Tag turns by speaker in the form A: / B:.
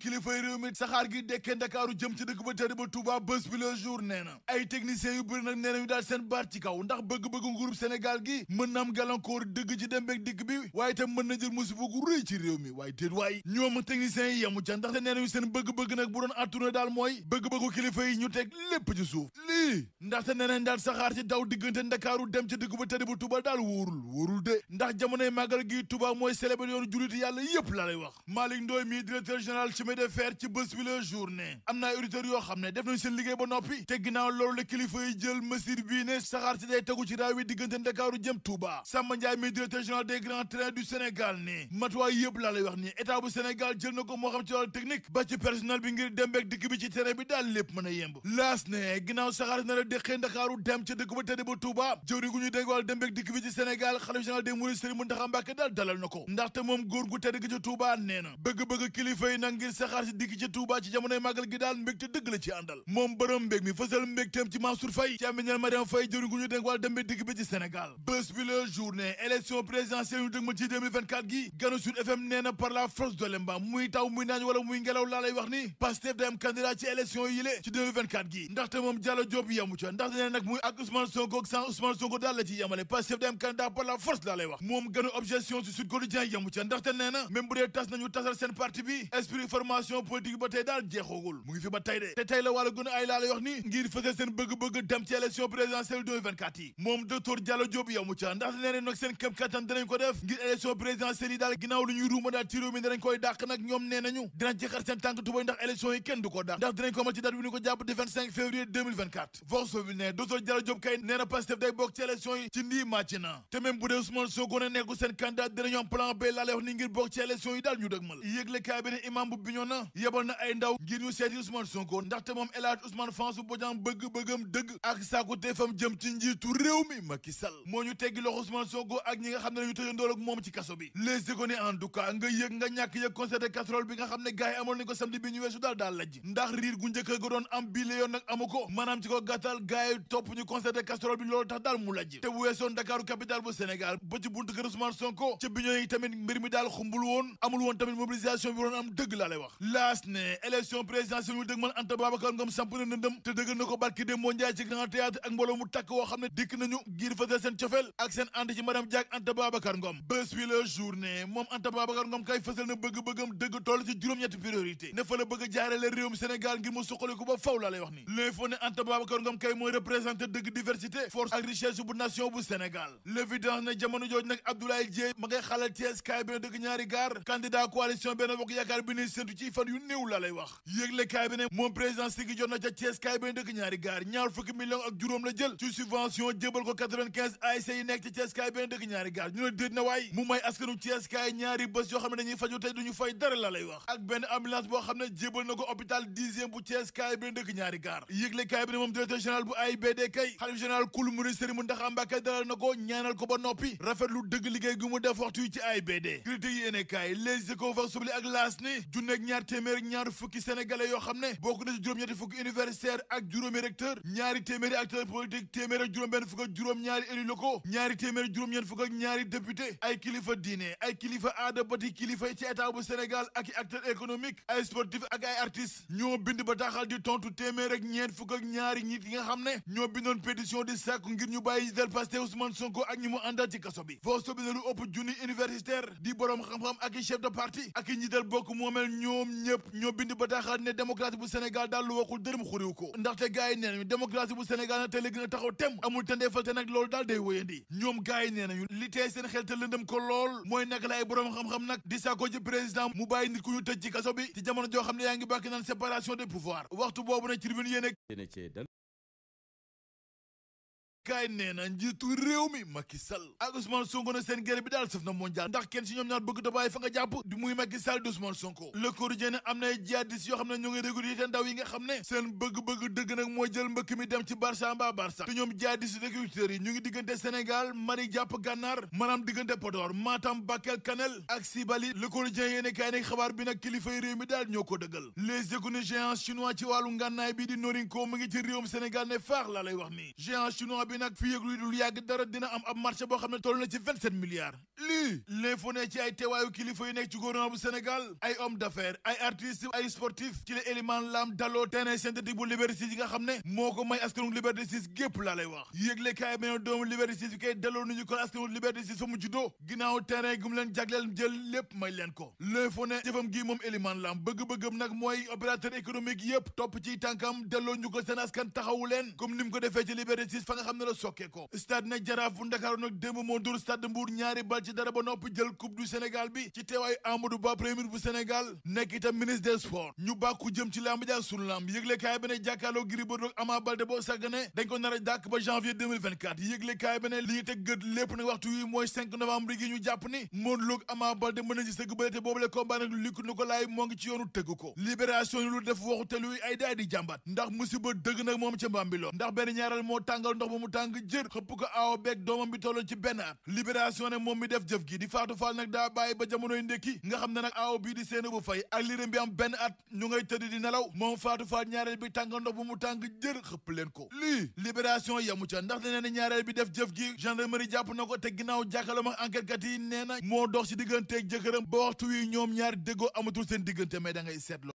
A: kilifa kilifay réew mi saxaar gi dekkee ndakaaru jëm ci dëkk ba tëdd ba Touba bés bi le jour nee na ay technicien yu bëri nag nee nañu daal seen baat ci kaw ndax bëgg-bëggu nguurub Sénégal gi mën na am gàllankoor dëgg ci dem beeg dikk bi waaye itam mën na jël musiba gu rëy ci réew mi waaye déet waay ñoom techniciens yi yemu ca ndaxte nee nañu seen bëgg-bëgg nag bu doon attuna daal mooy bëgg-bëggu kilifa yi ñu teg lépp ci suuf lii ndaxte nee nañ daal saxaar ci daw diggante ndakaaru dem ci diggu ba tëri bu tuba daal wóorul wóorul de ndax jamonoy màggal gi tuba mooy célébré yoonu yàlla yépp la lay xam ne def nañ seen liggéey ba noppi te ginnaaw loolu la kilifa yi jël mesure bii ne saxaar si day tegu ci raaw diggante ndakaaru jëm tuba Samba Ndiaye mii directeur général des grands trains du Sénégal ne matuwaay yépp laa lay wax ni état bu Sénégal jël na ko moo xam ci ba ci personnel bi ngir dem ak dikk bi ci daal lépp xaalis na la déqee ndakaaru dem ca dëkk ba tëdd ba Touba jëwri gu ñuy dégg wàll dem beeg dikk bi ci Sénégal xalif général des mourides Serigne Mountakha Mbacké dalal na ko ndaxte moom gu tëdd gi ca Touba nee na bëgg-bëgg kilifa yi saxaar si dikk ca Touba ci jamonoy màggal gi daal mbégte dëgg la ci àndal moom borom mbég mi fësal mbégteem ci Mansour Faye ci Aminata Mariam Faye jëwri gu ñuy dégg wàll dem beeg dikk bi ci Sénégal bés bi journée élection présidentielle ma ci 2024 gi ganu Sud FM nee na la wax ni Pastef day am bi yamu ca ndax nee nag tas nañu tasal seen parti bi esprit formation politique ba tey daal jeexoogul mu ngi fi ba tey de tey la wàllu gën ay laa lay ni ngir fësal seen bëgg-bëgg dem ci élection présidentielle 2024 yi moom docteur Diallo Diop yamu ca ndax nee na nag seen kéem kattan danañ ko def ngir élection présidentielle yi daal ginnaaw lu ñuy ruuma daal ci mi danañ koy dàq nag ñoom nee nañu dinañ ci xar ci date bi ñu ko jàpp at vox bi ne docteur Diallo Diop kay nee na Pastef day bokk ci élection yi ci ndii màcc na te même bu dee Ousmane Sonko ne nekku seen candidat dinañu am plan B laa ni ngir bokk ci élection yi daal ñu dëgmal yëgle kaay bi ne imam bu Bignona yebal na ay ndaw ngir ñu seeti Ousmane Sonko ndaxte moom El Hadj Ousmane Fansou Bodian bëgg-bëggam dëgg ak saako teefam jëm ci njiitu réew mi Macky Sall moo ñu teggi loxo Ousmane Sonko ak ñi nga xam ne dañu tëjandool ñu gàttaloo gàttal gars yi topp ñu constaté casserole bi loolu tax daal mu lajj te bu weesoon Dakaaru capital bu Sénégal ba ci buntu kër Ousmane Sonko ca biñoo tamit mbir mi daal xumbul woon amul woon tamit mobilisation bi waroon am dëgg laa wax laas ne élection présidentielle yu dëgg man Anta Babacar Ngom samp na ndëndëm te dëgg na ko barki dém moo njaay ci grand théâtre ak mbooloo mu tàkk woo xam ne dikk nañu ngir fasal seen cofeel ak seen ànd ci madame Diack kon Ngom kay mooy représenté dëgg diversité force ak richesse bu nation bu Sénégal l'évidence ne jamono jooju nag Abdoulaye Dieye ma ngay xalal Thiès kaay bi ñaari gaar na ñaar fukki million ak juróom la jël ci subvention jébal ko 95 yi nekk ci Thiès kaay bi ñaari gaar ñu ne déet na waay mu may askanu Thiès ñaari bés yoo xam ne dañuy faju tey duñu fay dara la lay wax ak benn ambulance boo xam ne jébal na ko hôpital dixième bu Thiès directeur général bu AIBD kay xalif général kul murid Serigne Mountakha Mbacké dalal na ko ñaanal ko ba noppi rafetlu dëgg liggéey yoo xam ne bokk na ci juróom-ñetti fukki universitaire ak juróomi recteur ñaari téeméeri acteur politique téeméer ak juróom benn fukk ak juróom-ñaari élus locaux ñaari téeméeri juróom-ñeent fukk ak ñaari député ay kilifa diine ay kilifa aada bati kilifa ci état Sénégal ak i acteur économique ay sportif ak ay artistes ñoo bind ba taxal di tontu téeméer ak ñeent fukk ak ñaari nit yi nga xam ne ñoo bindoon pétition di sàkku ngir ñu bàyyi jiital Pastef Ousmane Sonko ak ñi mu àndal ci kaso bi foo sobi na lu ëpp junni universitaire di boroom xam-xam ak i chef de parti ak i njiital bokk moomeel ñoom ñëpp ñoo bind bataaxal ne démocratie bu Sénégal daal lu waxul dërëm xuriw ko ndaxte gars yi nee nañu démocratie bu Sénégal na te léegi na taxaw tem amul tendee falte nag loolu daal day wéyandi ñoom gars yi nee nañu li tey seen xel te lëndëm ko lool mooy naka la ay boroom xam-xam nag di sàkko ci président mu bàyyi nit ku ñu tëj ci kaso bi ci jamono joo xam ne yaa ngi bàkk naan séparation des pouvoirs waxtu boobu na tribune yéen dina cee dal kaay nee na njiitu réew mi Macky Sall ak Ousmane Sonko na seen guerre bi daal saf moo mondial ndax kenn si ñoom ñaar bëgg da bàyyi fa nga jàpp di muy Macky Sall di Ousmane Sonko le ne am na jihadistes yoo xam ne ñoo ngi recruter ndaw yi nga xam ne seen bëgg-bëgg dëgg nag mooy jël mbëkk mi dem ci Barça mbaa Barça te ñoom jihadistes recruteurs yi ñu ngi diggante Sénégal Mali jàpp Gànnaar maanaam diggante Podor Matam Bakel Kanel ak Sibali le quotidien yéene kaay ne xabaar bi nag kilifay réew mi daal ñoo ko dëggal les économies géants chinois ci bi di Norinco mu ngi ci réewum wax nii bi nag fii ak lu dara dina am ab marché boo xam ne toll na ci vingt-sept milliards lii l'info ne ci ay teewaayu kilifa nekk ci gouvernement bu Sénégal ay homme d'affaires ay artistes ay sportifs ci la Elimane Lam daloo terrain synthétique bu Liberté 6 yi xam ne moo ko may askanu Liberté 6 gépp laa lay wax yëgle kay daloo nañu Liberté 6 fa mu juddoo ginnaaw terrain gi leen jagleel jël lépp may leen ko l'info ne jëfam gi moom Elimane Lam bëgg-bëggam nag mooy nar a sokkee ko stade ne jaraaf bu ndakaaru nag moo dóor stade mbuur ñaari bal ci dara ba noppi jël coupe du sénégal bi ci teewaayu amadou ba premier bu sénégal nekk itam ministre des ñu bàkku jëm ci lamb ja sunu lamb yëgle kaay bi ne jàkkaarloo Gris Bordeaux ama balde boo sàggane dañ ko nar a ba janvier 2024 yëgle kaay li ñu teg gët lépp nag waxtu wi mooy 5 novembre gi ñu jàpp ni Modou Lo ama balde mën na ci sëgg te boobu le combat nag Luc Nicolaï ko libération moo tàng jër xëpp ko aaw beeg doomam bi toll ci benn at libération ne moom mi def jëf gi di Fatou Fall nag daa bàyyi ba jamonoy ndekki nga xam ne nag aaw bii di seeni bu fay ak liram bi am benn at ñu ngay tëdd di nelaw moom Fatou Fall ñaareel bi tàng ndox bu mu tàng jër xëpp leen ko lii libération yamu ca ndax dañu ne ñaareel bi def jëf gi gendarmerie jàpp na ko te ginnaaw jàkkalam ak enquête kat yi nee na moo dox ci digganteeg jëkkëram ba waxtu wi ñoom ñaar déggoo amatul seen diggante mais da ngay seetlu